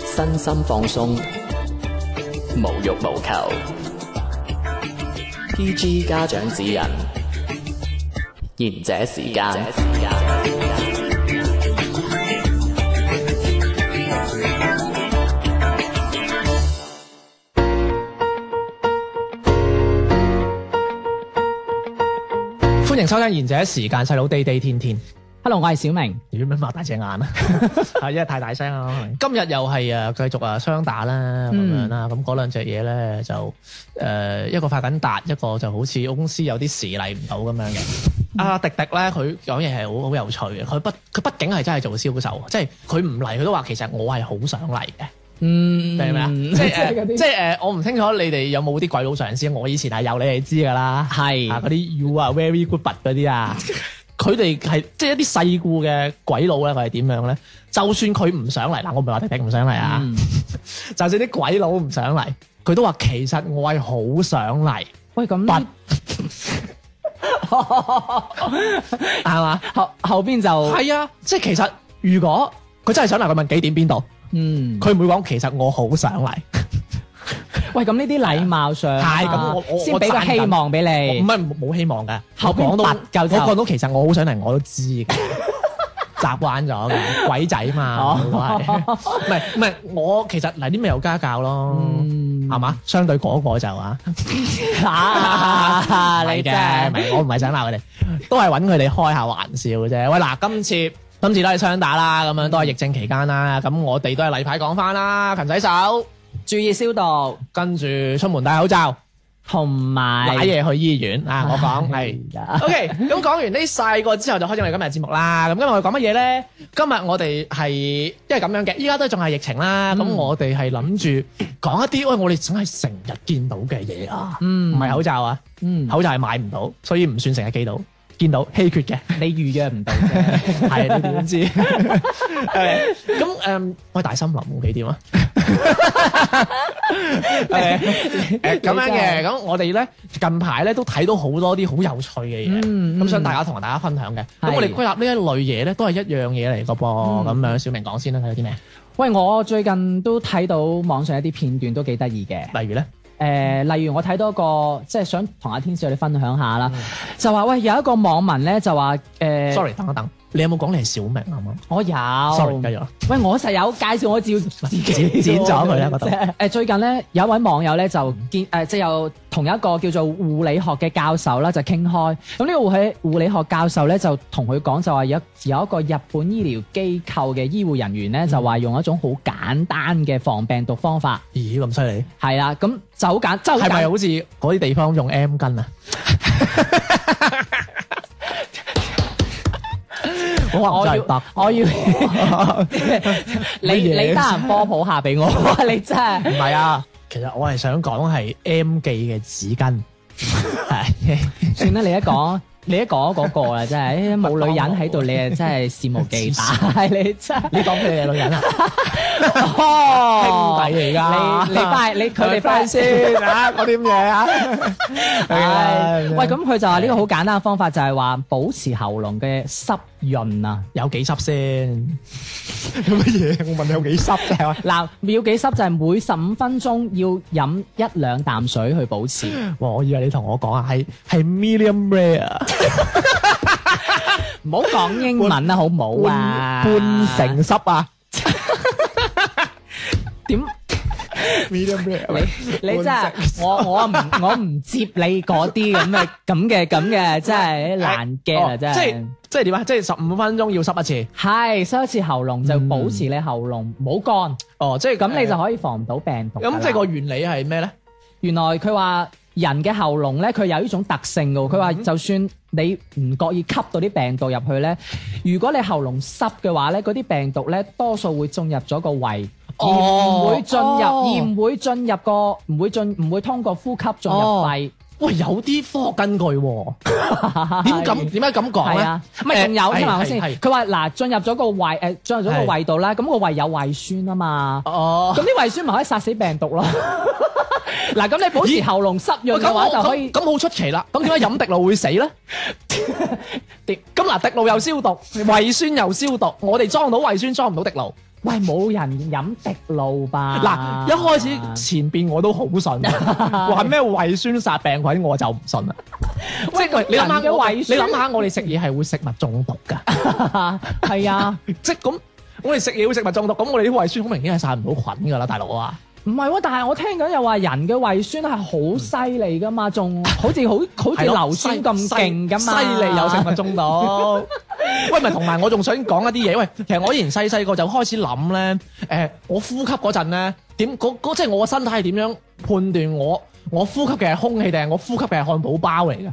身心放鬆，無欲無求。PG 家長指引，賢者時間。歡迎收聽賢者時間，細佬地地天天。Hello，我係小明。點解擘大隻眼啊？係因為太大聲啊！今日又係啊，繼續啊，雙打啦，咁樣啦。咁嗰兩隻嘢咧，就誒、呃，一個發緊達，一個就好似公司有啲事嚟唔到咁樣嘅、嗯啊。阿迪迪咧，佢講嘢係好好有趣嘅。佢不佢畢竟係真係做銷售，即係佢唔嚟，佢都話其實我係好想嚟嘅。嗯明，明唔明啊？即係即係誒，我唔清楚你哋有冇啲鬼佬上司。我以前係有，你哋知噶啦。係嗰啲 you are very good but 嗰啲啊。佢哋係即係一啲細故嘅鬼佬咧，佢係點樣咧？就算佢唔想嚟，嗱，我唔係話佢並唔想嚟啊。嗯、 就算啲鬼佬唔想嚟，佢都話其實我係好想嚟。喂，咁係嘛？後後邊就係啊，即係其實如果佢真係想嚟，佢問幾點邊度？嗯，佢唔會講其實我好想嚟。喂，咁呢啲禮貌上、啊，先俾個希望俾你，唔係冇希望嘅。後邊不夠就我講到，其實我好想嚟，我都知嘅， 習慣咗嘅，鬼仔嘛，唔係唔係，我其實嗱啲咪有家教咯，係嘛、嗯？相對嗰個就啊，你係嘅，我唔係想鬧佢哋，都係揾佢哋開下玩笑嘅啫。喂，嗱，今次今次都係雙打啦，咁樣都係疫症期間啦，咁我哋都係例牌講翻啦，勤洗手。注意消毒，跟住出門戴口罩，同埋買嘢去醫院啊！哎、呀我講係。O K，咁講完呢細個之後，就開始我哋今日節目啦。咁今日我哋講乜嘢咧？今日我哋係因為咁樣嘅，依家都仲係疫情啦。咁、嗯、我哋係諗住講一啲，喂，我哋總係成日見到嘅嘢啊，唔係、嗯、口罩啊，嗯、口罩係買唔到，所以唔算成日見到。見到稀缺嘅，你預約唔到嘅，係你點知？咁誒、 嗯嗯，我大森林冇幾點啊？咁、 嗯 嗯、 樣嘅，咁我哋咧近排咧都睇到好多啲好有趣嘅嘢，咁想大家同大家分享嘅。咁我哋歸納呢一類嘢咧，都係一樣嘢嚟嘅噃。咁樣是，小、 嗯、明講先啦，睇到啲咩？喂，我最近都睇到網上一啲片段都幾得意嘅，例如咧。誒、呃、例如我睇到一個即係想同阿天少你分享下啦，嗯、就話，喂，有一個網民咧就話誒、呃、sorry 等一等。你有冇講你係小明啊？我有，sorry，繼續。喂，我室友介紹我照自己 剪咗佢啊！嗰度、就是呃、最近咧有一位網友咧就見誒，即係又同一個叫做護理學嘅教授啦，就傾開。咁呢個係護理學教授咧，就同佢講就話有有一個日本醫療機構嘅醫護人員咧，就話用一種好簡單嘅防病毒方法。嗯、咦？咁犀利？係啦，咁就好簡，就係咪好似嗰啲地方用 M 根啊？ 哦、我唔明白，我要你麼你得閒科普下俾我， 你真係唔係啊！其實我係想講係 M 記嘅紙巾， 算啦，你一講。你一講嗰個啊，真係冇女人喺度，你啊真係肆無忌憚。你真係你講咩嘢女人啊？哦，係唔係嚟噶？你你翻你佢哋翻先嚇嗰啲嘢啊！喂，咁佢就話呢個好簡單嘅方法就係話保持喉嚨嘅濕潤啊，有幾濕先？有乜嘢啊？我問你有幾濕啫？嗱，要幾濕就係每十五分鐘要飲一兩啖水去保持。哇！我以為你同我講啊，係係 medium rare。唔好講英文啦，好唔好啊？半成濕啊？點？你真係我我唔我唔接你嗰啲咁嘅咁嘅咁嘅，真係難嘅啦，真係！即係點啊？即係十五分鐘要濕一次，係濕一次喉嚨就保持你喉嚨冇乾。哦，即係咁，你就可以防唔到病毒。咁即係個原理係咩咧？原來佢話人嘅喉嚨咧，佢有呢種特性噶。佢話就算。你唔覺意吸到啲病毒入去咧，如果你喉嚨濕嘅話咧，嗰啲病毒咧多數會進入咗個胃。哦、而唔會進入，哦、而唔會進入個，唔會進，唔會通過呼吸進入肺。哦喂，有啲科學根據喎，點敢點解咁講咧？唔係，仲有聽埋我先。佢話嗱，進入咗個胃，誒進入咗個胃度啦，咁個胃有胃酸啊嘛。哦，咁啲胃酸咪可以殺死病毒咯。嗱，咁你保持喉嚨濕潤嘅話就可以。咁好出奇啦！咁點解飲滴露會死咧？咁嗱，滴露又消毒，胃酸又消毒，我哋裝到胃酸裝唔到滴露。喂，冇人飲滴露吧？嗱，一開始前邊我都好信，話咩 是胃酸殺病菌，我就唔信啦。即係你諗下嘅胃酸，你諗下我哋食嘢係會食物中毒㗎，係 啊。即係咁，我哋食嘢會食物中毒，咁我哋啲胃酸好明顯係殺唔到菌㗎啦，大佬啊！唔係喎，但係我聽講又話人嘅胃酸係好犀利噶嘛，仲好似 好好似硫酸咁勁噶嘛，犀利 有成個鐘頭。 喂，咪同埋我仲想講一啲嘢。喂，其實我以前細細個就開始諗咧，誒、呃，我呼吸嗰陣咧，點即係我個身體係點樣判斷我我呼吸嘅係空氣定係我呼吸嘅係漢堡包嚟嘅？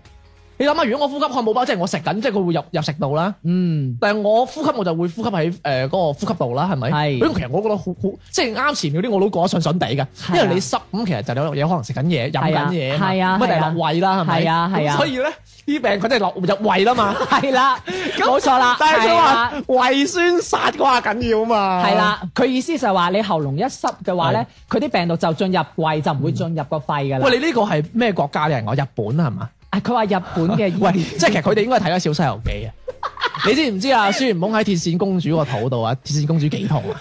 你諗下，如果我呼吸漢堡包，即係我食緊，即係佢會入入食道啦。嗯，但係我呼吸我就會呼吸喺誒嗰個呼吸道啦，係咪？係。咁其實我覺得好好，即係啱前嗰啲我都覺得順順地嘅，因為你濕咁其實就有嘢可能食緊嘢、飲緊嘢，乜定係胃啦，係咪？係啊，係啊。所以咧，啲病佢哋落入胃啦嘛。係啦，冇錯啦。但係佢話胃酸殺啩緊要嘛。係啦，佢意思就係話你喉嚨一濕嘅話咧，佢啲病毒就進入胃就唔會進入個肺噶啦。喂，你呢個係咩國家人我？日本係嘛？佢話日本嘅，喂，即係其實佢哋應該睇咗《小西遊記》啊！你知唔知啊？孫悟空喺鐵扇公主個肚度啊！鐵扇公主幾痛啊！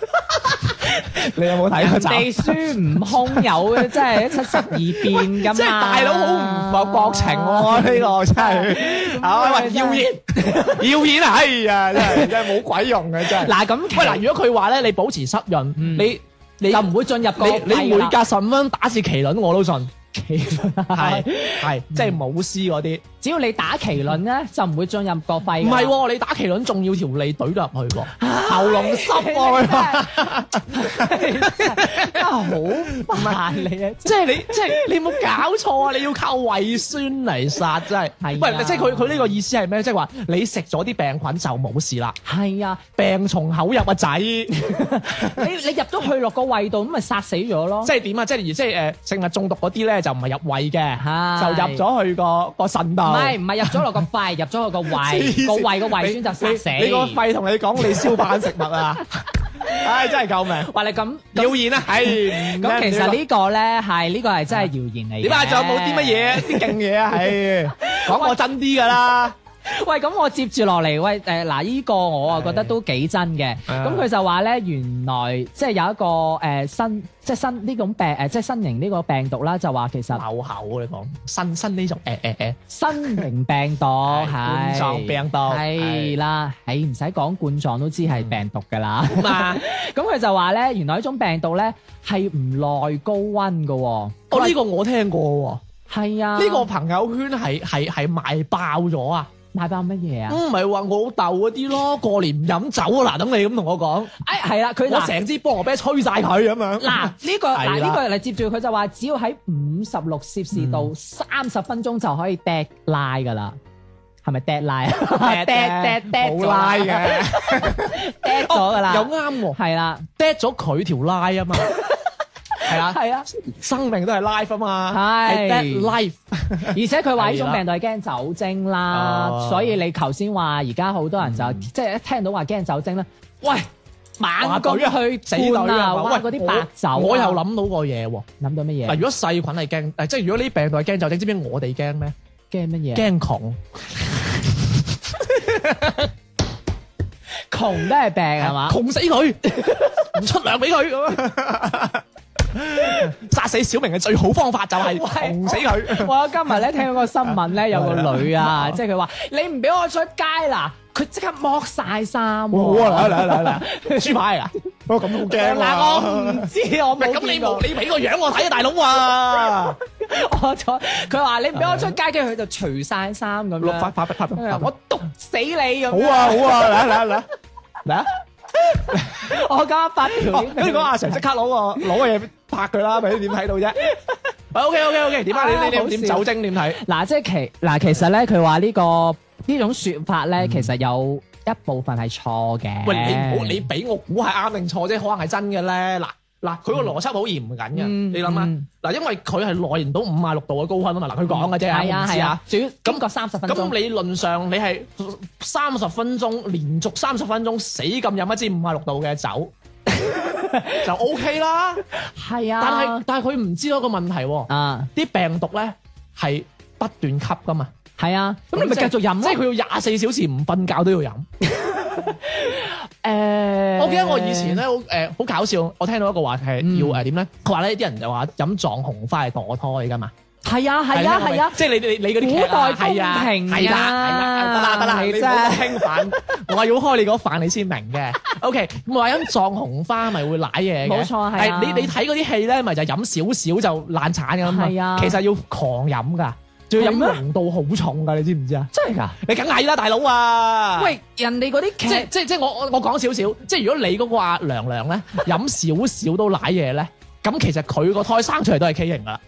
你有冇睇嗰集？地孫悟空有即係七十二變咁啊！即係大佬好唔薄情喎！呢個真係啊！謠言謠言啊！哎呀，真係真係冇鬼用嘅真係。嗱咁，嗱如果佢話咧，你保持濕潤，你你就唔會進入個。你你每隔十五分鐘打次麒麟我都信。麒麟係係即係舞獅嗰啲，只要你打麒麟咧，就唔會進入個肺，啊。唔係、 啊，你打麒麟仲要條脷懟入去個，啊、 喉嚨濕喎。真係好煩你啊！ 即係你即係你有冇搞錯啊！你要靠胃酸嚟殺，真係係，啊、喂，即係佢佢呢個意思係咩？即係話你食咗啲病菌就冇事啦。係啊，病從口入啊仔，你你入咗去落個胃度咁咪殺死咗咯。即係點啊？即係即係誒，食物中毒嗰啲咧。就唔係入胃嘅，就入咗去個個腎度。唔係唔係入咗落個肺，入咗去個胃，個胃個胃酸就殺死。你個肺同你講你燒飯食物啊！唉，真係救命！話你咁謠言啊？係。咁其實呢個咧係呢個係真係謠言嚟。點解仲有冇啲乜嘢啲勁嘢啊？係講個真啲㗎啦。喂，咁我接住落嚟，喂，誒，嗱呢個我啊覺得都幾真嘅，咁佢就話咧，原來即係有一個誒新，即係新呢種病，誒即係新型呢個病毒啦，就話其實有效啊！你講新新呢種誒誒誒新型病毒係冠狀病毒係啦，係唔使講冠狀都知係病毒噶啦，咁佢就話咧，原來呢種病毒咧係唔耐高溫噶，哦呢個我聽過喎，係啊，呢個朋友圈係係係賣爆咗啊！買包乜嘢啊？唔係話我老豆嗰啲咯，過年唔飲酒啊！嗱，等你咁同我講，誒，係啦，佢我成支菠蘿啤吹晒佢咁樣。嗱呢個，嗱呢的、這個人嚟接住佢就話，只要喺五十六攝氏度三十分鐘就可以 drop 拉噶 啦，係咪 drop 拉啊？drop drop drop 拉嘅，drop 咗噶啦，又啱喎，係啦，drop 咗佢條拉啊嘛。 係啊，係啊，生命都係 life 啊嘛，係 life。而且佢話呢種病毒係驚酒精啦，所以你頭先話而家好多人就即係一聽到話驚酒精咧，喂，猛舉去整啊，玩嗰啲白酒。我又諗到個嘢，諗到乜嘢？如果細菌係驚，即係如果呢啲病毒係驚酒精，知唔知我哋驚咩？驚乜嘢？驚窮，窮都係病啊嘛，窮死佢，唔出糧俾佢咁死小明嘅最好方法就係毒死佢。我今日咧聽到個新聞咧，有個女啊，即係佢話你唔俾我出街，嗱，佢即刻剝晒衫。好啊，嚟嚟嚟嚟，豬排啊！我咁驚啊！我唔知我冇。咁你冇你俾個樣我睇啊，大佬啊！我坐。佢話你唔俾我出街，跟住佢就除晒衫咁樣。六百八百八，我毒死你咁樣。好啊好啊，嚟嚟嚟，咩啊？我加八條。跟住講阿成，即刻攞個攞嘢。拍佢啦，俾你點睇到啫？OK OK OK，點解你你點酒精點睇？嗱，即係其嗱，其實咧佢話呢個呢種説法咧，其實有一部分係錯嘅。喂，你唔好你俾我估係啱定錯啫，可能係真嘅咧。嗱嗱，佢個邏輯好嚴緊嘅，你諗下，嗱，因為佢係耐唔到五十六度嘅高溫啊，嗱，佢講嘅啫，唔知啊。主要感覺三十分鐘。咁理論上你係三十分鐘連續三十分鐘死咁飲一支五十六度嘅酒。 就 OK 啦，係啊，但係但係佢唔知道一個問題、啊，啲、啊、病毒咧係不斷吸噶嘛，係啊，咁你咪繼、就是、續飲咯、啊，即係佢要廿四小時唔瞓覺都要飲。誒、 欸，我記得我以前咧好誒好搞笑，我聽到一個話題要，要誒點咧，佢話咧啲人就話飲藏紅花係墮胎噶嘛。係啊係啊係啊！即係你你你嗰啲古代宮廷啊，得啦得啦，係啫。我話要開你嗰飯，你先明嘅。O K，唔係飲藏紅花咪會舐嘢，冇錯係。你你睇嗰啲戲咧，咪就飲少少就難產噶嘛。係啊，其實要狂飲噶，仲要飲濃度好重噶，你知唔知啊？真係噶，你梗嗌啦，大佬啊！喂，人哋嗰啲即係即係我我講少少，即係如果你嗰個阿娘娘咧飲少少都舐嘢咧，咁其實佢個胎生出嚟都係畸形噶啦。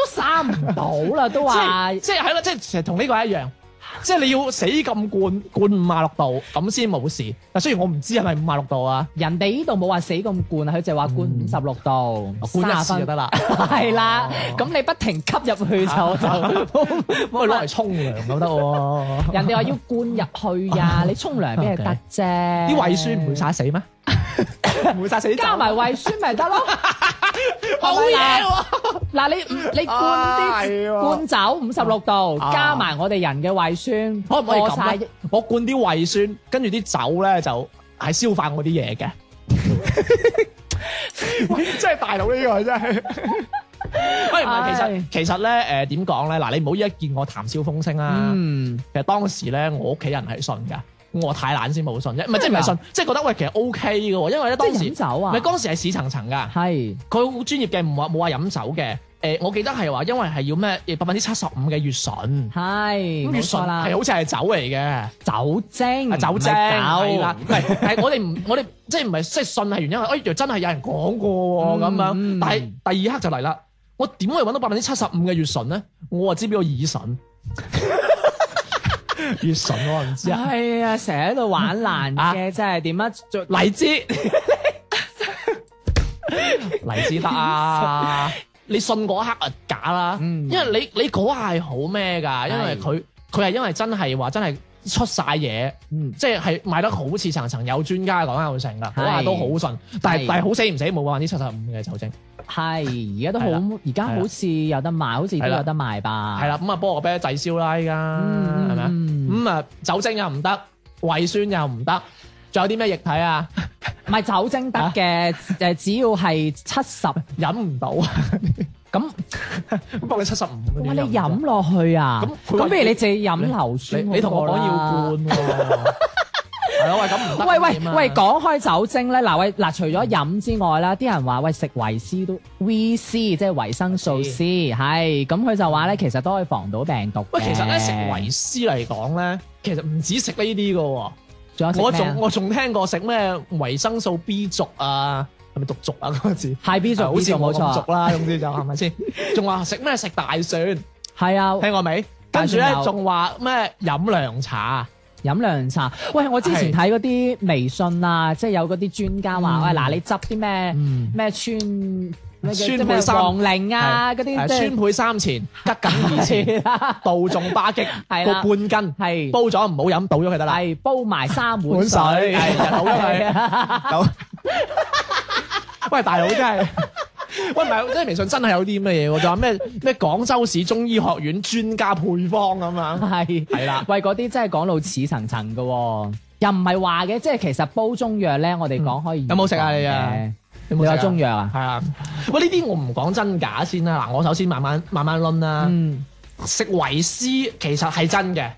都殺唔到啦，都話即係係啦，即係其實同呢個一樣，即係你要死咁灌灌五十六度咁先冇事。但雖然我唔知係咪五十六度啊，人哋呢度冇話死咁灌啊，佢就話灌五十六度，嗯、灌一次 30 分 就得 啦。係啦，咁你不停吸入去就、啊、 就，唔好攞嚟沖涼就，得喎、啊。 人哋話要灌入去呀、啊， 你沖涼邊係得啫？啲胃酸唔會殺死咩？加埋胃酸咪得咯，好嘢喎！嗱，你你灌啲灌酒五十六度，加埋我哋人嘅胃酸，可唔可以咁我灌啲胃酸，跟住啲酒咧就係消化我啲嘢嘅。喂，真係大佬呢個真係。喂，其實其實咧，誒，點講咧？嗱，你唔好依家見我談笑風生啊。嗯，其實當時咧，我屋企人係信噶。我太懶先冇信啫，唔係即係唔係信，是即係的覺得喂，其實 O K 嘅喎，因為咧當時飲酒啊？唔係當時係屎層層噶，係佢好專業嘅，唔話冇話飲酒嘅。誒、呃，我記得係話，因為係要咩？百分之七十五嘅乙醇係冇錯啦，係好似係酒嚟嘅酒精酒精係啦，係，但係我哋唔我哋即係唔係即係信係原因喂，真係有人講過咁、啊、樣，嗯、但係第二刻就嚟啦，我點可以搵到百分之七十五嘅乙醇咧？我啊知邊個乙醇？ 越神我唔知、 哎、 啊，係啊，成日喺度玩爛嘅，即係點啊？做荔枝、嗯，荔枝，得。你信嗰一刻假啦，因為你你嗰下係好咩噶？因為佢佢係因為真係話真係出晒嘢，嗯，即係係賣得好似層層有專家講係會成噶，嗰下都好信，但係但係好死唔死冇啊？啲七十五嘅酒精。係，而家都好，而家好似有得賣，好似都有得賣吧。係啦，咁啊煲個啤仔燒啦依家，係咪啊？咁啊酒精又唔得，胃酸又唔得，仲有啲咩液體啊？唔係酒精得嘅，誒只要係七十飲唔到，咁咁幫你七十五。哇！你飲落去啊？咁咁，不如你直接飲硫酸啦。你你同我講要半。喂喂喂，講開酒精咧，嗱喂，嗱除咗飲之外啦，啲人話喂食維 C 都 V C，即係維生素 C，係咁佢就話咧，其實都可以防到病毒。喂，其實咧食維 C 嚟講咧，其實唔止食呢啲噶，仲有我仲我仲聽過食咩維生素 B 族啊，係咪毒族啊嗰個字？係 B 族，啊、B 軸好似冇錯啦，總之就係咪先？仲話食咩食大蒜？係啊， 聽過未？跟住咧仲話咩飲涼茶飲涼茶，喂！我之前睇嗰啲微信啊，即係有嗰啲專家話，喂嗱，你執啲咩咩川咩黃靈啊，嗰啲川貝三錢，吉錦二錢，杜仲巴戟，個半斤，係煲咗唔好飲，倒咗佢得啦，係煲埋三碗水，好啊，喂，大佬真係。喂，唔係喂，即係微信真係有啲乜嘢喎，就話咩咩廣州市中醫學院專家配方咁樣，係係啦，為嗰啲真係講到似層層嘅，又唔係話嘅，即係其實煲中藥咧，嗯、我哋講開有冇食啊？你啊，有冇食中藥啊？係啊，喂，呢啲我唔講真假先啦。嗱，我首先慢慢慢慢掄啦。嗯，食維 C 其實係真嘅，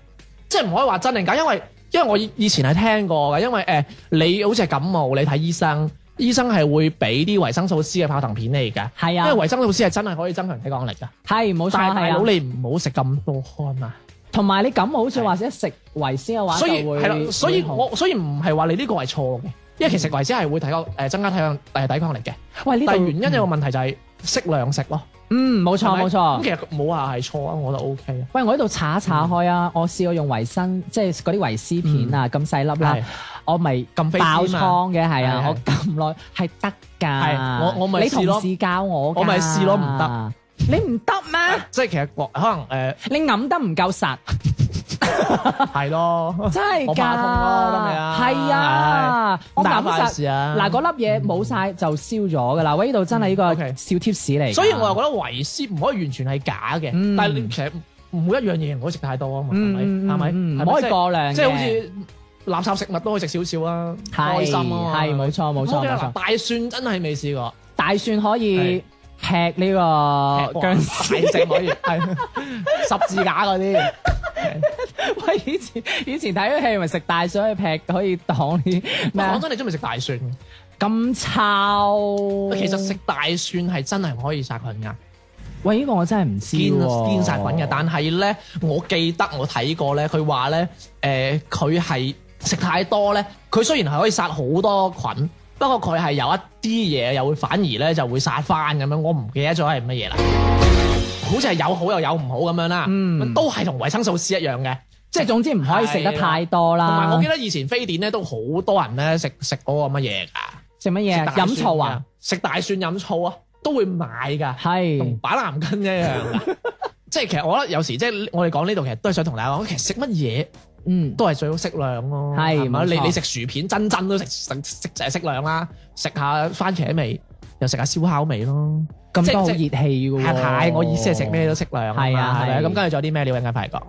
即係唔可以話真定假，因為因為我以前係聽過嘅，因為誒、呃、你好似係感冒，你睇醫生，醫生係會俾啲維生素 C 嘅泡騰片嚟噶，因為維生素 C 係真係可以增強抵抗力噶。係冇錯，但係你唔好食咁多啊嘛。同埋你感冒，好似或者食維 C 嘅話，就會係咯。所以我所以唔係話你呢個係錯嘅，因為其實維 C 係會提誒增加體抗，抵抗力嘅。喂，呢度原因有個問題就係適量食咯。嗯，冇錯冇錯。咁其實冇話係錯啊，我覺得 OK。喂，我喺度查一查開啊，我試過用維生，即係嗰啲維 C 片啊，咁細粒啦。我咪咁爆倉嘅係啊，我撳耐係得噶，我我咪你同事教我，我咪試咯唔得，你唔得咩？即係其實可能誒，你揞得唔夠實，係咯，真係噶，我爆倉啊？係啊，我爆晒，嗱嗰粒嘢冇晒就燒咗噶啦。喂，呢度真係呢個小貼士嚟，所以我又覺得維 C 唔可以完全係假嘅，但係其實每一樣嘢唔可以食太多啊嘛，係咪？係咪？唔可以過量即係好似……垃圾食物都可以食少少啊，是開心啊，係冇錯冇錯，大蒜真係未試過，大蒜可以劈呢個僵屍，可以十字架嗰啲。喂，以前以前睇咗戲咪食大蒜可以劈，可以擋啲。唔係，講真，你中意食大蒜？咁臭。其實食大蒜係真係唔可以殺菌噶。喂，呢、這個我真係唔知。堅殺菌嘅，但係咧，我記得我睇過咧，佢話咧，誒、呃，佢係。食太多咧，佢雖然係可以殺好多菌，不過佢係有一啲嘢又會反而咧就會殺翻咁樣，我唔記得咗係乜嘢啦。 好似係有好又有唔好咁樣啦，嗯，都係同維生素 C 一樣嘅，嗯、即係總之唔可以食得太多啦。同埋我記得以前非典咧都好多人咧食食嗰個乜嘢㗎？食乜嘢？食大蒜飲醋啊？食大蒜飲醋啊？都會買㗎，係同板藍根一樣。即係其實我覺得有時即係我哋講呢度其實都係想同大家講，其實食乜嘢？嗯，都係最好適量咯，係嘛？你你食薯片，真真都食食食就適量啦，食下番茄味，又食下燒烤味咯，咁都好熱氣喎。係，我意思係食咩都適量啊嘛，係咪？咁跟住仲有啲咩你要揾間快講？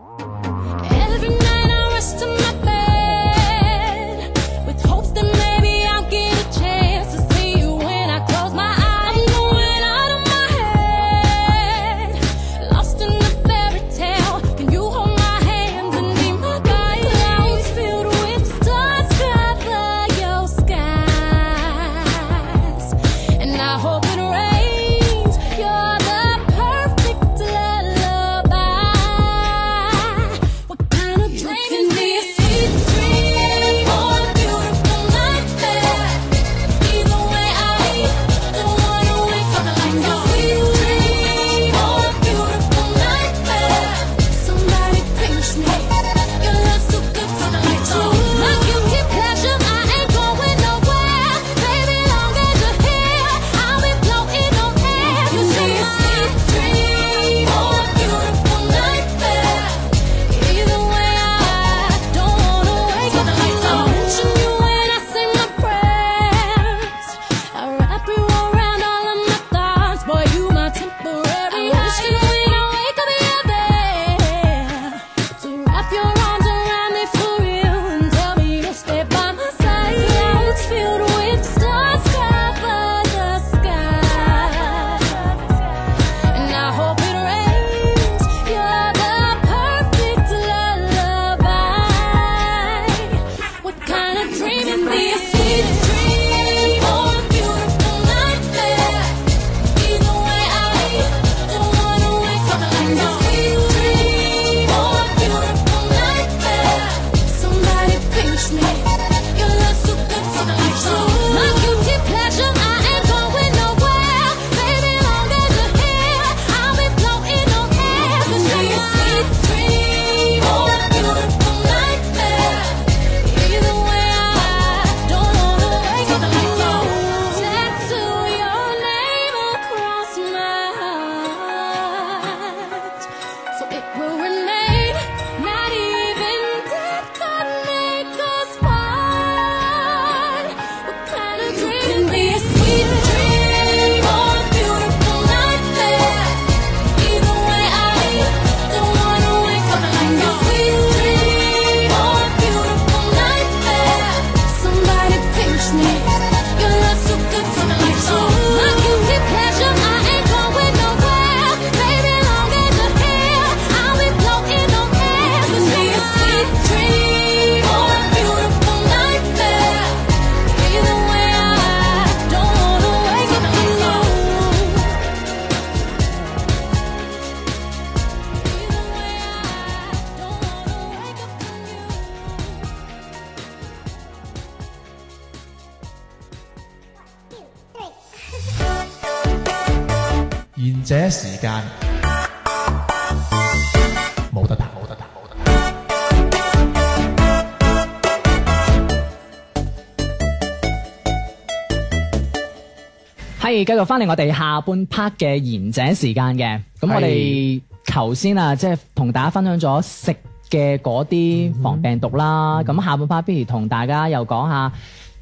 繼續翻嚟我哋下半 part 嘅賢者時間嘅，咁是我哋頭先啊，即係同大家分享咗食嘅嗰啲防病毒啦，咁、嗯、哼下半 part，不如同大家又講下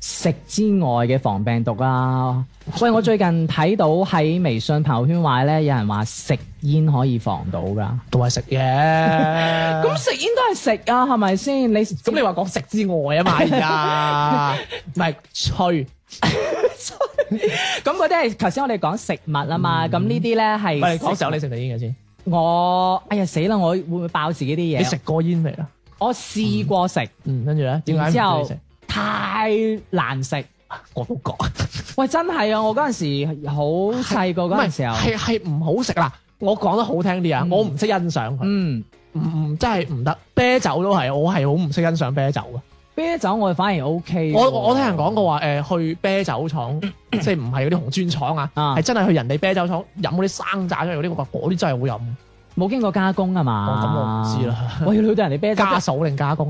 食之外嘅防病毒啦。像喂，我最近睇到喺微信朋友圈話咧，有人話食煙可以防到噶，都係食嘢。咁 食煙都係食啊，係咪先？你咁你話講食之外啊嘛？而家唔係吹。 咁嗰啲係頭先我哋講食物啊嘛，咁、嗯嗯、呢啲咧係，講酒你食定煙嘅先？我哎呀死啦！我會唔會爆自己啲嘢？你食過煙未啊？我試過食，嗯，跟住咧，點解唔可以食？太難食，我都覺。喂，真係啊！我嗰陣時好細個嗰陣時候，係係唔好食啦。我講得好聽啲啊，我唔識欣賞佢。嗯，唔唔、嗯嗯，真係唔得。啤酒都係，我係好唔識欣賞啤酒噶。啤酒我反而 O、OK、K，我我我聽人講過話，誒、呃、去啤酒廠， 即係唔係嗰啲紅磚廠啊，係 真係去人哋啤酒廠飲嗰啲生榨出嗰啲，我話嗰啲真係好飲，冇經過加工啊嘛，咁、哦、我唔知啦，我 要去到人哋啤酒，加熟定加工，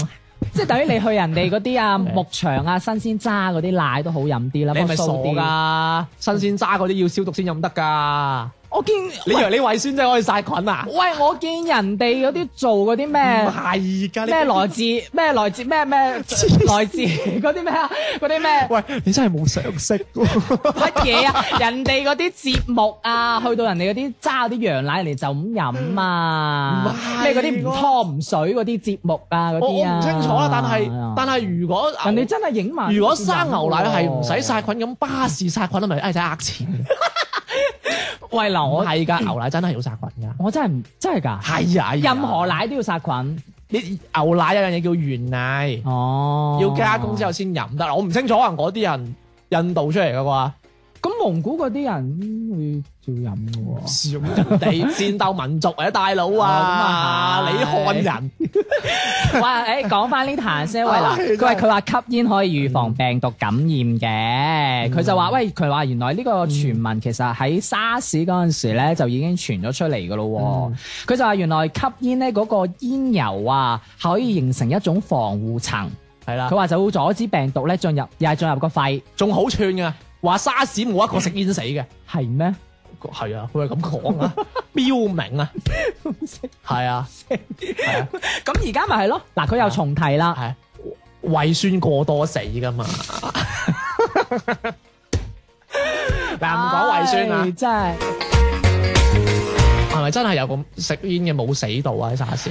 即係等於你去人哋嗰啲啊 牧場啊新鮮渣嗰啲奶都好飲啲啦，你係咪傻噶？啊，新鮮渣嗰啲要消毒先飲得噶。我見你以為你胃酸真係可以殺菌啊？喂，我見人哋嗰啲做嗰啲咩？唔係咩來自咩來自咩咩來自嗰啲咩啊？嗰啲咩？喂，你真係冇常識乜嘢啊？人哋嗰啲節目啊，去到人哋嗰啲揸啲羊奶嚟就咁飲啊？咩嗰啲唔湯唔水嗰啲節目啊？啲啊？我唔清楚啦，但係但係如果人哋真係影埋，如果生牛奶係唔使殺菌咁，巴士殺菌咪係真係呃錢？喂，牛我係噶，是的牛奶真係要殺菌噶，我真係唔真係噶，係啊的，的任何奶都要殺菌。你牛奶有一樣嘢叫原奶，哦，要加工之後先飲得啦。我唔清楚啊，可能嗰啲人印度出嚟嘅啩，咁蒙古嗰啲人會。少、啊、 人哋戰鬥民族啊，大佬啊， 啊你看漢人 哇！誒、欸，講翻呢壇先喂，佢話佢話吸煙可以預防病毒感染嘅，佢、嗯、就話喂，佢話原來呢個傳聞其實喺沙士嗰陣時咧就已經傳咗出嚟噶咯，佢、嗯、就話原來吸煙咧嗰個煙油啊，可以形成一種防護層，係啦、嗯，佢話就會阻止病毒咧進入，又係進入個肺，仲好串嘅，話沙士冇一個食煙死嘅，係咩？ 係啊，佢係咁講啊， 標明啊，係啊，咁而家咪係咯，嗱，佢又重提啦，係胃酸過多死噶嘛，嗱，唔講胃酸啦，真係。係真係有個食煙嘅冇死到啊！沙士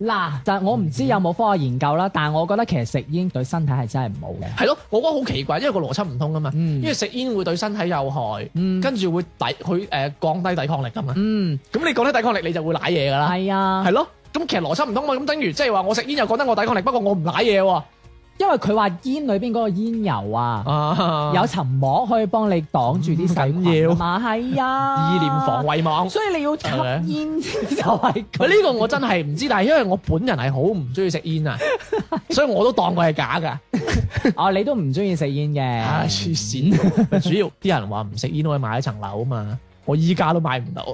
嗱，但我唔知有冇科學研究啦，但係我，嗯、我覺得其實食煙對身體係真係唔好嘅。係咯，我覺得好奇怪，因為個邏輯唔通啊嘛。嗯、因為食煙會對身體有害，跟住、嗯、會抵佢誒降低抵抗力噶嘛。嗯，咁你降低抵抗力，你就會舐嘢噶啦。係啊，係咯，咁其實邏輯唔通嘛。咁等於即係話我食煙又降低我抵抗力，不過我唔舐嘢喎。因為佢話煙裏邊嗰個煙油啊，啊啊有層膜可以幫你擋住啲細菌嘛，係啊，意念防衞網，所以你要吸煙嗎 就係佢呢個我真係唔知，但係因為我本人係好唔中意食煙啊， 所以我都當佢係假㗎。 哦，你都唔中意食煙嘅，黐線、 啊， 主要啲人話唔食煙可以買一層樓啊嘛。我依家都買唔到，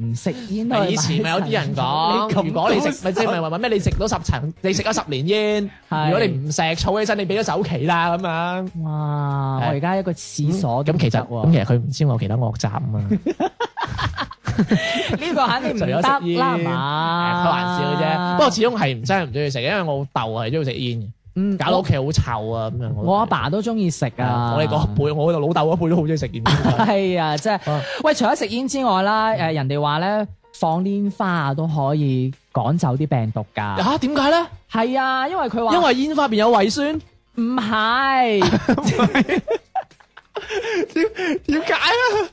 唔食煙。以前咪有啲人講，如果你食，咪即係咪話咩？你食到十層，你食咗十年煙。如果你唔食，儲起身你俾咗首期啦咁樣。哇！我而家一個廁所咁其實，咁其實佢唔知我其他惡習啊嘛。呢個肯定唔得啦，係開玩笑嘅啫。不過始終係唔真係唔中意食，因為我老竇係中意食煙。嗯，搞到屋企好臭啊！咁樣，我阿爸都中意食啊，我哋嗰一輩，我老豆嗰一輩都好中意食煙。係啊，即係，喂，除咗食煙之外啦，誒、呃，人哋話咧，放煙花啊都可以趕走啲病毒噶。吓、啊，點解咧？係啊，因為佢話因為煙花邊有維酸，唔係是。 不是 點點解啊？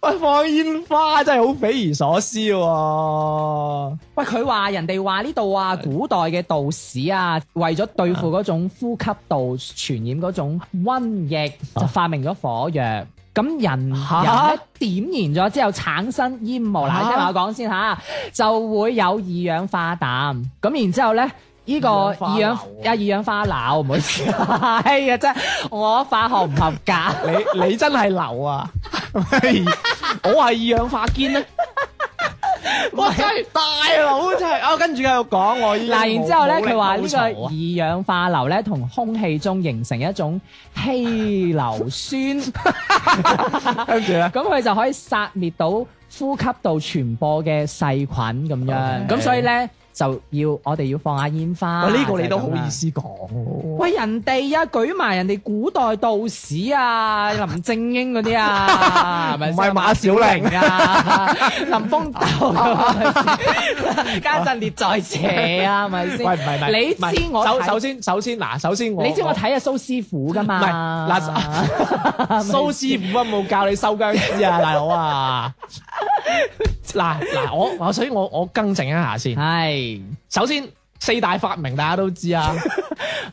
喂，放煙花真係好匪夷所思喎！喂的，佢話人哋話呢度啊，古代嘅道士啊，為咗對付嗰種呼吸道傳染嗰種瘟疫，啊、就發明咗火藥。咁、啊、人人咧、啊、點燃咗之後，產生煙霧。嗱、啊，聽我講先吓，就會有二氧化碳。咁然之後咧。呢個二氧一二氧化硫，唔好意思，係啊真，我化學唔合格。你你真係流啊！我係二氧化堅啊！我真係大佬真係，我跟住繼續講我呢嗱，然之後咧，佢話呢個二氧化硫咧，同空氣中形成一種稀硫酸，跟住咧，咁佢、 嗯、就可以殺滅到呼吸道傳播嘅細菌咁樣，咁所以咧。嗯啊就要我哋要放下煙花，呢個你都好意思講，喂人哋啊，舉埋人哋古代道士啊，林正英嗰啲啊，唔係馬小玲啊，林峰鬥啊，家陣列在邪啊，係咪先。喂，唔係唔係，你知我首首先首先嗱首先我你知我睇阿蘇師傅噶嘛？嗱，蘇師傅有冇教你收僵屍啊，大佬啊？嗱嗱， 我我所以我我更正一下先。係是，首先四大發明大家都知 啊，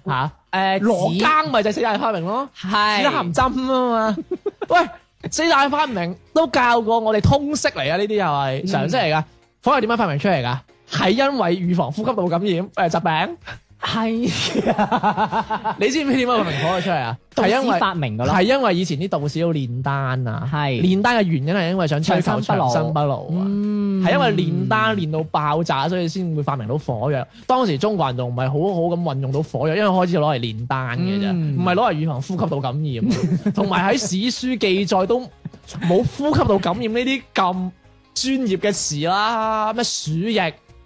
吓、呃，誒，羅庚咪就四大發明咯，得是含針啊嘛。 喂，四大發明都教過我哋通識嚟啊，呢啲又係常識嚟噶。火係點樣發明出嚟噶？係因為預防呼吸道感染誒、呃、疾病。係， 你知唔知點解會發明火藥出嚟？啊？係因為發明㗎喇，係因為以前啲道士要煉丹啊，係煉丹嘅原因係因為想追求長生不老啊，係、嗯、因為煉丹煉到爆炸，所以先會發明到火藥。當時中國人仲唔係好好咁運用到火藥，因為開始攞嚟煉丹嘅啫，唔係攞嚟預防呼吸道感染。同埋喺史書記載都冇呼吸道感染呢啲咁專業嘅詞啦，咩鼠疫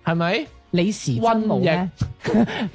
係咪？是李時溫冇咩？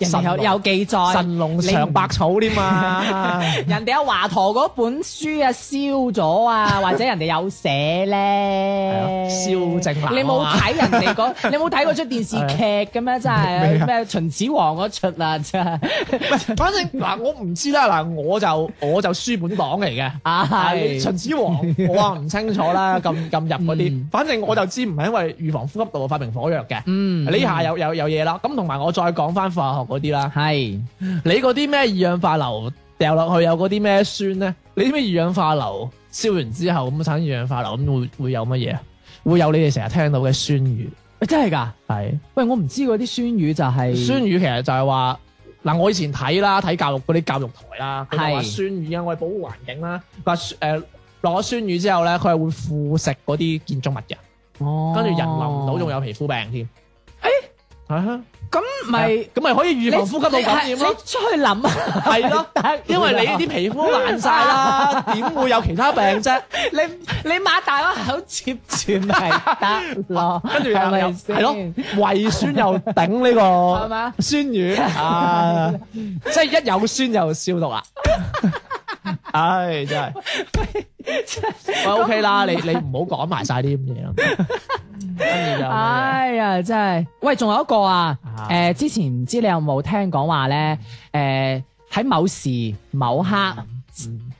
又有記載神龍長百草添嘛？人哋阿華佗嗰本書啊燒咗啊，或者人哋有寫咧？燒正嘛？你冇睇人哋嗰？你冇睇嗰出電視劇嘅咩？真係咩秦始皇嗰出啊？真係反正嗱，我唔知啦。嗱，我就我就書本黨嚟嘅。係秦始皇，我話唔清楚啦。咁咁入嗰啲，反正我就知唔係因為預防呼吸道發明火藥嘅。嗯，呢下有。有有嘢啦，咁同埋我再講翻化學嗰啲啦。係你嗰啲咩二氧化硫掉落去，有嗰啲咩酸咧？你啲咩二氧化硫燒完之後咁產生二氧化硫咁會會有乜嘢啊？會有你哋成日聽到嘅酸雨。欸，真係噶？係是喂，我唔知嗰啲酸雨就係、是、酸雨，其實就係話嗱，我以前睇啦，睇教育嗰啲教育台啦，佢話酸雨啊，我哋保護環境啦，佢話誒攞酸雨之後咧，佢係會腐蝕嗰啲建築物嘅，哦，跟住人淋唔到，仲有，有皮膚病添，誒、欸。係啊，咁咪咁咪可以預防呼吸道感染咯。你係你出去諗下，係咯。因為你啲皮膚爛晒啦，點會有其他病啫？你你馬大口接住咪得咯，跟住又係咯，胃酸又頂呢個係咪啊？酸雨啊，即係一有酸就消毒啊！唉，真係，喂，OK 啦，你你唔好講埋晒啲咁嘢啦。哎呀，真係！喂，仲有一個啊，誒，之前唔知你有冇聽講話咧？誒，喺某時某刻，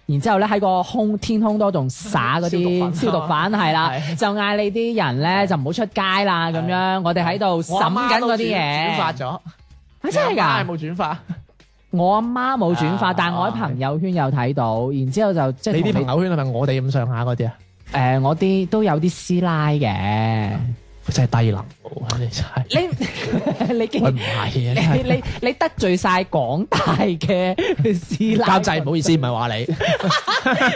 然之後咧喺個空天空都仲灑嗰啲消毒粉，係啦，就嗌你啲人咧就唔好出街啦，咁樣，我哋喺度審緊嗰啲嘢。轉發咗，係真係噶？我阿媽冇轉發，我阿媽冇轉發，但我喺朋友圈有睇到，然之後就即係。你啲朋友圈係咪我哋咁上下嗰啲啊？誒、呃，我啲都有啲師奶嘅，嗯、真係低能，你真係 你你你唔係嘅，你你你得罪曬廣大嘅師奶監製，唔好意思，唔係話你。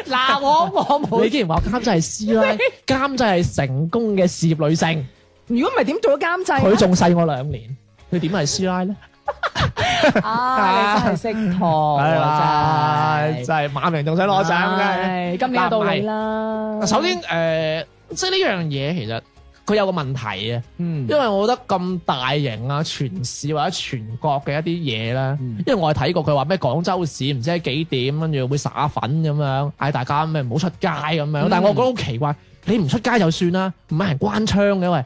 嗱，我我冇，你竟然話監製係師奶，監製係成功嘅事業女性， 如果唔係點做咗監製？啊？佢仲細我兩年，佢點係師奶咧？啊！你真係識台，真係真係馬明仲想攞獎嘅，今年有道理啦。首先，誒，即係呢樣嘢，其實佢有個問題嘅，嗯，因為我覺得咁大型啊，全市或者全國嘅一啲嘢咧，因為我係睇過佢話咩廣州市唔知喺幾點，跟住會灑粉咁樣，嗌大家咩唔好出街咁樣。但係我覺得好奇怪，你唔出街就算啦，唔係人關窗嘅喂。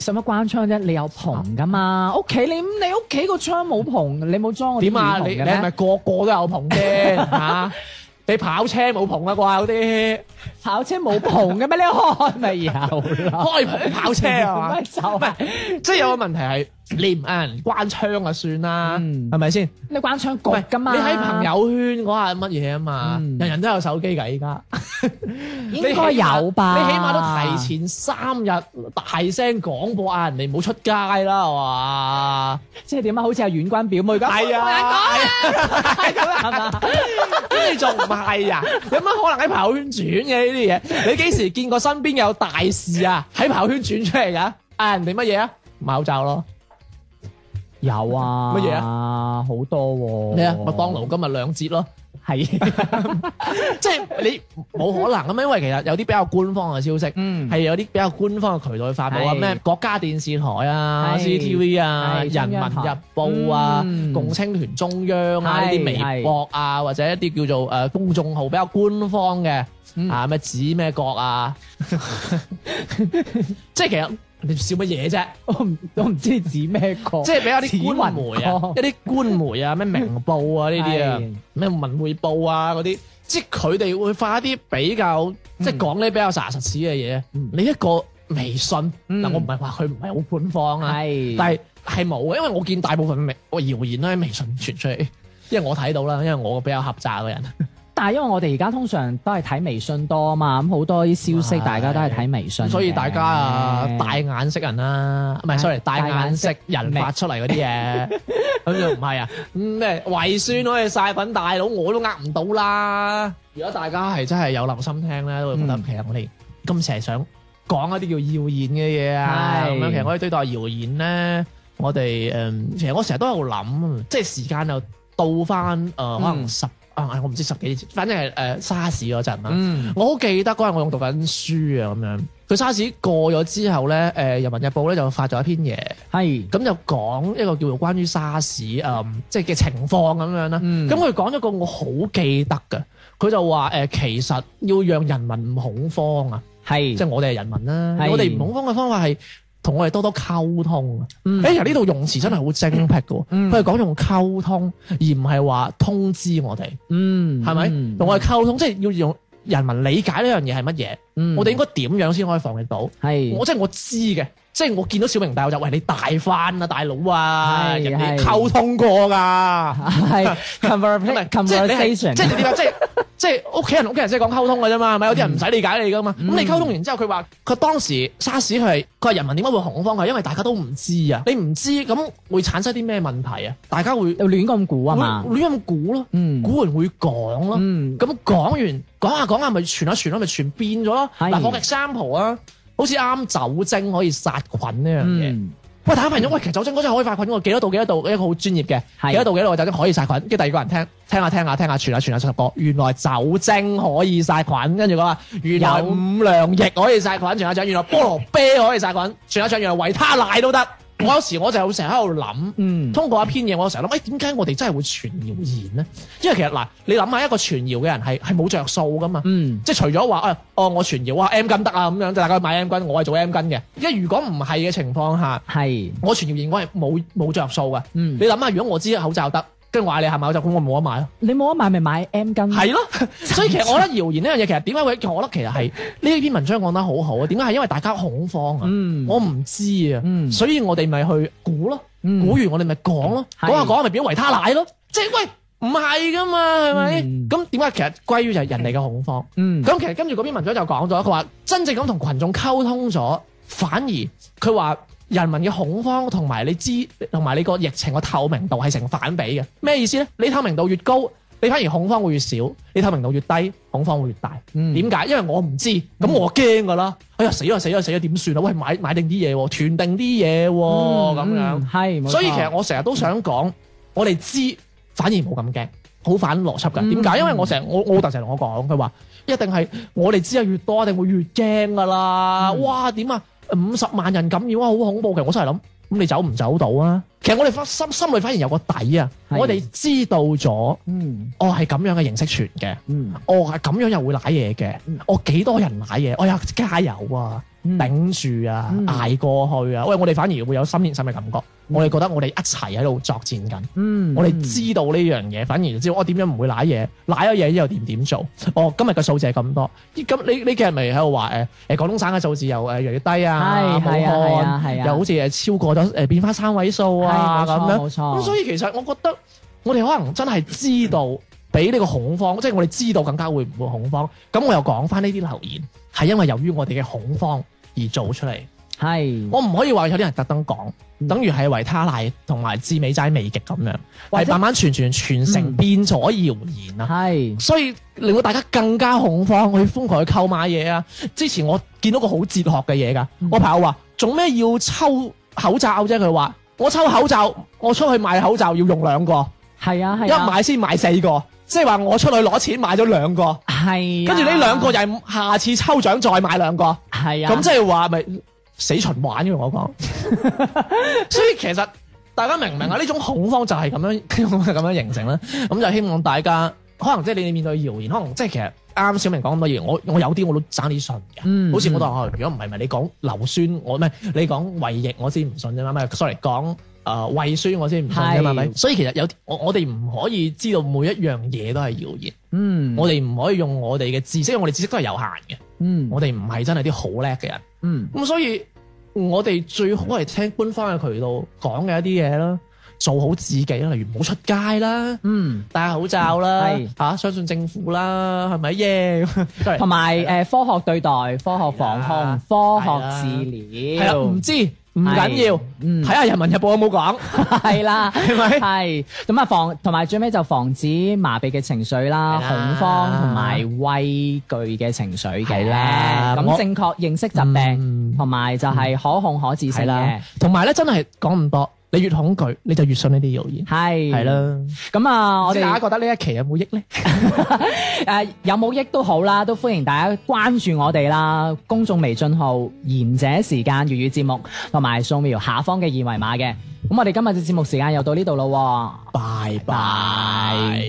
使乜關窗啫？你有棚㗎嘛？屋企你你屋企個窗冇篷，你冇裝我點啊？你你係咪個個都有篷啫？嚇、 啊，你跑車冇篷啊啩？有啲跑車冇篷嘅咩？你開咪有咯？開跑車啊？唔係，即係、就是、有個問題係。 你唔嗌人關窗就算啦，係咪先？你關窗局噶嘛？你喺朋友圈講下乜嘢啊嘛？人人都有手機噶，依家應該有吧？你起碼都提前三日大聲廣播嗌人哋唔好出街啦，係嘛？即係點啊？好似阿遠親表妹咁。係啊，係咁啊，係嘛？咁你仲唔係呀？有乜可能喺朋友圈轉嘅呢啲嘢？你幾時見過身邊有大事啊？喺朋友圈轉出嚟噶？嗌人哋乜嘢啊？買口罩咯。有啊，乜嘢啊？好多喎！咩啊？麥當勞今日兩折咯，係即係你冇可能咁，因為其實有啲比較官方嘅消息，係有啲比較官方嘅渠道去發佈啊，咩國家電視台啊、CCTV 啊、人民日報啊、共青團中央啊呢啲微博啊，或者一啲叫做誒公眾號比較官方嘅啊咩指咩國啊，即係其實。你笑乜嘢啫？我唔我唔知指咩歌，即係比較有啲官媒啊，一啲官媒啊，咩明報啊呢啲啊，咩 是文匯報啊嗰啲，即係佢哋會發一啲比較，即係講啲比較實實史嘅嘢。嗯、你一個微信，嗯、但我唔係話佢唔係好官方啊，是但係係冇嘅，因為我見大部分微謠言咧，喺微信傳出嚟，因為我睇到啦，因為我比較狹窄嘅人。 但係因為我哋而家通常都係睇微信多啊嘛，咁好多啲消息大家都係睇微信，所以大家啊大眼識人啦，唔係的 sorry 大眼識人發出嚟嗰啲嘢，咁 就唔係啊咩胃酸可以晒粉大佬我都呃唔到啦。如果大家係真係有留心聽咧，都會覺得其實我哋今成日想講一啲叫謠言嘅嘢啊，咁樣的其實我哋對待謠言咧，我哋誒、嗯、其實我成日都有諗，即係時間又到翻誒、呃、可能十。啊、我唔知十幾，反正係誒 SARS 嗰陣、嗯、我好記得嗰日我用讀緊書啊，咁樣。佢沙士 r 過咗之後咧，誒、呃《人民日報》咧就發咗一篇嘢，係咁是就講一個叫做關於沙士 r、呃、即係嘅情況咁樣啦。咁佢講咗個我好記得嘅，佢就話誒、呃，其實要讓人民唔恐慌啊，係是即係我哋係人民啦，是我哋唔恐慌嘅方法係。同我哋多多溝通啊！哎呀、嗯，呢度、欸、用詞真係好精闢噶，佢係講用溝通，而唔係話通知我哋，係咪、嗯？同吧我哋溝通，嗯、即係要用人民理解呢、嗯、樣嘢係乜嘢？我哋應該點樣先可以防佢到？係是我即係我知嘅。即係我見到小明大我就，喂你大翻啊大佬啊，人哋溝通過㗎 conversation，即係你話即係即係屋企人屋企人即係講溝通㗎啫嘛，係咪有啲人唔使理解你㗎嘛？咁你溝通完之後佢話佢當時沙士，佢係佢係人民點解會恐慌係因為大家都唔知啊，你唔知咁會產生啲咩問題啊？大家會亂咁估啊嘛，亂咁估咯，估完會講咯，咁講完講下講下咪傳下傳咯咪傳變咗咯，嗱我嘅 sample 啊。好似啱酒精可以殺菌呢樣嘢，喂大家發現咗？喂其實酒精嗰陣可以殺菌，我幾多度幾多度，一個好專業嘅幾多度幾多度酒精可以殺菌，跟住第二個人聽聽下聽下聽下傳下傳下傳播，原來、嗯 really, 酒精可以殺菌，跟住講啊，原來五糧液可以殺菌，傳下傳，原來菠蘿啤可以殺菌，傳下傳，原來維他奶都得。 我有時我就係會成日喺度諗，通過一篇嘢，哎、我成日諗，誒點解我哋真係會傳謠言咧？因為其實嗱，你諗下一個傳謠嘅人係係冇着數噶嘛，嗯、即係除咗話，誒、哎，哦，我傳謠話、哦、M 巾得啊，咁樣就大家買 M 巾，gun, 我係做 M 巾嘅。因為如果唔係嘅情況下，是 我傳謠言我，我係冇冇著數嘅。嗯、你諗下，如果我知口罩得？跟住話你係咪？我就估我冇得買咯。你冇得買咪買 M 巾。係咯，所以其實我覺得謠言呢樣嘢其實點解會？我覺得其實係呢 篇文章講得好好啊。點解係因為大家恐慌啊？嗯、我唔知啊，嗯、所以我哋咪去估咯。估、嗯、完我哋咪講咯。講下講下咪變咗維他奶咯。即、就、係、是、喂，唔係噶嘛，係咪？咁點解其實歸於就係人哋嘅恐慌。咁、嗯嗯、其實跟住嗰篇文章就講咗，佢話真正咁同群眾溝通咗，反而佢話。人民嘅恐慌同埋你知，同埋你個疫情嘅透明度係成反比嘅。咩意思咧？你透明度越高，你反而恐慌會越少；你透明度越低，恐慌會越大。點解、嗯？因為我唔知，咁、嗯、我驚噶啦。哎呀，死啊死啊死啊！點算啊？喂，買買定啲嘢，囤定啲嘢、啊、咁、嗯、樣。係、嗯。所以其實我成日都想講，我哋知反而冇咁驚，好反邏輯噶。點解？因為我成日、嗯嗯，我我老豆成日同我講，佢話一定係我哋知得越多，一定會越驚噶啦。哇、嗯，點啊？五十萬人感染啊，好恐怖嘅！我真係諗，咁你走唔走到啊？其實我哋心心裏反而有個底啊！的我哋知道咗，嗯，我係咁樣嘅形式傳嘅，嗯，我係咁樣又會攋嘢嘅，我幾多人攋嘢，我、哦、又加油啊！頂住啊，捱、嗯、過去啊！喂，我哋反而會有心連心嘅感覺。嗯、我哋覺得我哋一齊喺度作戰緊。嗯，我哋知道呢樣嘢，反而知道我點、哦、樣唔會瀨嘢，瀨咗嘢又點點做。我、哦、今日嘅數字係咁多，咁呢呢幾日咪喺度話誒誒廣東省嘅數字又誒、呃、越嚟越低啊，係啊是，又好似誒超過咗誒、呃、變翻三位數啊咁樣。冇、啊啊、錯，咁錯所以其實我覺得我哋可能真係知道比呢個恐慌，即係 我哋知道更加會唔會恐慌。咁我又講翻呢啲留言係因為由於我哋嘅恐慌。而做出嚟係是我唔可以話有啲人特登講，嗯、等於係維他奶同埋致美齋味極咁樣，係哇慢慢傳傳傳承變咗謠言啊。係是所以令到大家更加恐慌去瘋狂去購買嘢啊。之前我見到個好哲學嘅嘢㗎，嗯、我朋友話做咩要抽口罩啫？佢話我抽口罩，我出去買口罩要用兩個，係啊，啊一買先買四個。即係話我出去攞錢買咗兩個，係、啊，跟住呢兩個又下次抽獎再買兩個，係啊，咁即係話咪死循環，因為我講。 所以其實大家明唔明啊？呢 種恐慌就係咁樣咁 樣形成啦。咁就希望大家可能即係你哋面對謠言，可能即係其實啱小明講咁多嘢，我我有啲我都爭啲信嘅，好似、嗯嗯、我當下如果唔係咪你講硫酸我咩？你講胃液我先唔信啫，嘛。係，sorry 講。啊，胃酸、呃、我先唔信啫嘛，咪的，所以其實有我我哋唔可以知道每一樣嘢都係謠言。嗯，我哋唔可以用我哋嘅知識，我哋知識都係有限嘅。嗯，我哋唔係真係啲好叻嘅人。嗯，咁所以我哋最好係聽官方嘅渠道講嘅一啲嘢啦，做好自己啦，例如唔好出街啦，嗯，戴口罩啦，係嚇，相信政府啦，係咪耶？同埋誒科學對待，科學防控，了科學治療，係啊 對，唔知 唔緊要，睇、嗯、下《人民日報》有冇講，係啦的，係咪 的？係咁啊，的防同埋最尾就防止麻痹嘅情緒啦，的恐慌同埋畏懼嘅情緒嘅咧。咁的的正確認識疾病，同埋、嗯、就係可控可治性嘅，同埋咧真係講唔多。你越恐懼，你就越信呢啲謠言。係係啦，咁的啊，我哋大家覺得呢一期有冇益咧？誒、 啊，有冇益都好啦，都歡迎大家關注我哋啦，公眾微信號賢者時間粵語節目，同埋掃描下方嘅二維碼嘅。咁我哋今日嘅節目時間又到呢度啦，拜拜。